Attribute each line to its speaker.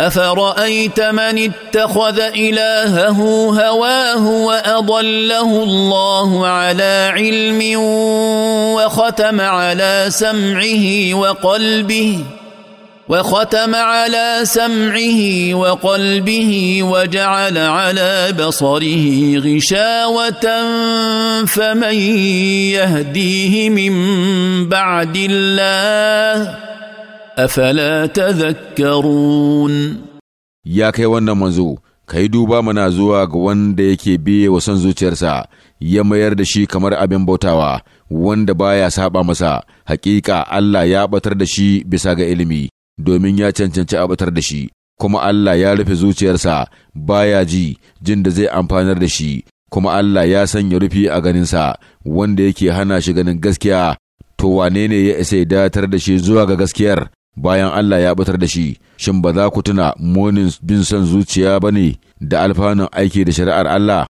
Speaker 1: افرايت من اتخذ الهه هواه واضله الله على علم وختم على سمعه وقلبه وختم على سمعه وقلبه وجعل على بصره غشاوه فمن يهديه من بعد الله أفلا تذكرون
Speaker 2: يا كي wannan manzo kai duba mana zuwa ga wanda yake biye wa son zuciyarsa ya mayar da shi kamar abin bautawa wanda baya saɓa masa hakika Allah ya batar da shi bisa ga ilimi domin ya cancanci a batar da shi kuma Allah ya rufe zuciyarsa baya ji jin da zai amfanar da shi kuma Allah ya sanya rufi a ganinsa wanda yake hana shi ganin gaskiya to wanene ya isa datar da shi zuwa ga gaskiyar bayan Allah ya batar da shi, shin ba za ku tuna munin bin son zuciya ba ne da alfanun aiki da shari'ar Allah?